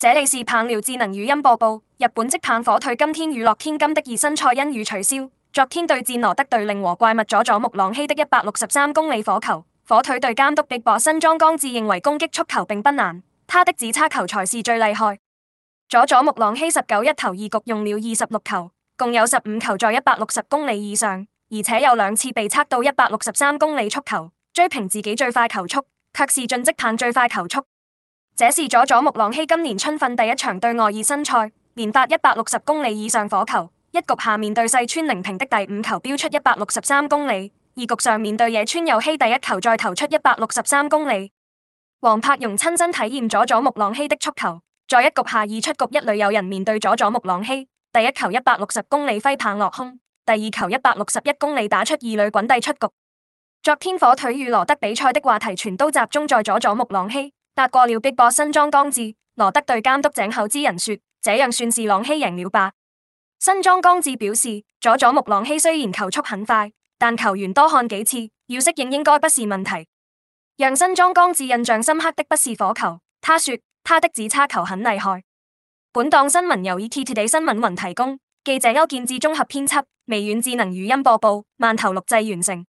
這裏是棒聊智能語音播報。日本職棒火腿今天與樂天金鷲的熱身賽因雨取消。昨天對戰羅德隊令和怪物佐佐木朗希的一百六十三公里火球。火腿隊監督 Big Boss 新莊剛志認為攻擊速球並不難，他的指叉球才是最厲害。佐佐木朗希十九一投二局用了二十六球，共有十五球在一百六十公里以上，而且有兩次被測到一百六十三公里速球，追平自己最快球速，卻是進職棒最快球速。這是佐佐木朗希今年春訓第一場對外熱身賽，連發一百六十公里以上火球，一局下面對細川凌平的第五球飆出一百六十三公里，二局上面對野村佑希第一球再投出一百六十三公里。王柏融親身體驗佐佐木朗希的速球，在一局下二出局一壘有人面對佐佐木朗希，第一球一百六十公里揮棒落空，第二球一百六十一公里打出二壘滾地出局。昨天火腿與羅德比賽的話題全都集中在佐佐木朗希。達過了逼迫新莊剛志，羅德對監督井口之人說：這樣算是朗希贏了吧？新莊剛志表示：佐佐木朗希雖然球速很快，但球員多看幾次，要適應應該不是問題。讓新莊剛志印象深刻的不是火球，他說他的指叉球很厲害。本檔新聞由 ETtoday 新聞雲提供，記者歐建志綜合編輯，微軟智能語音播報，饅頭錄製完成。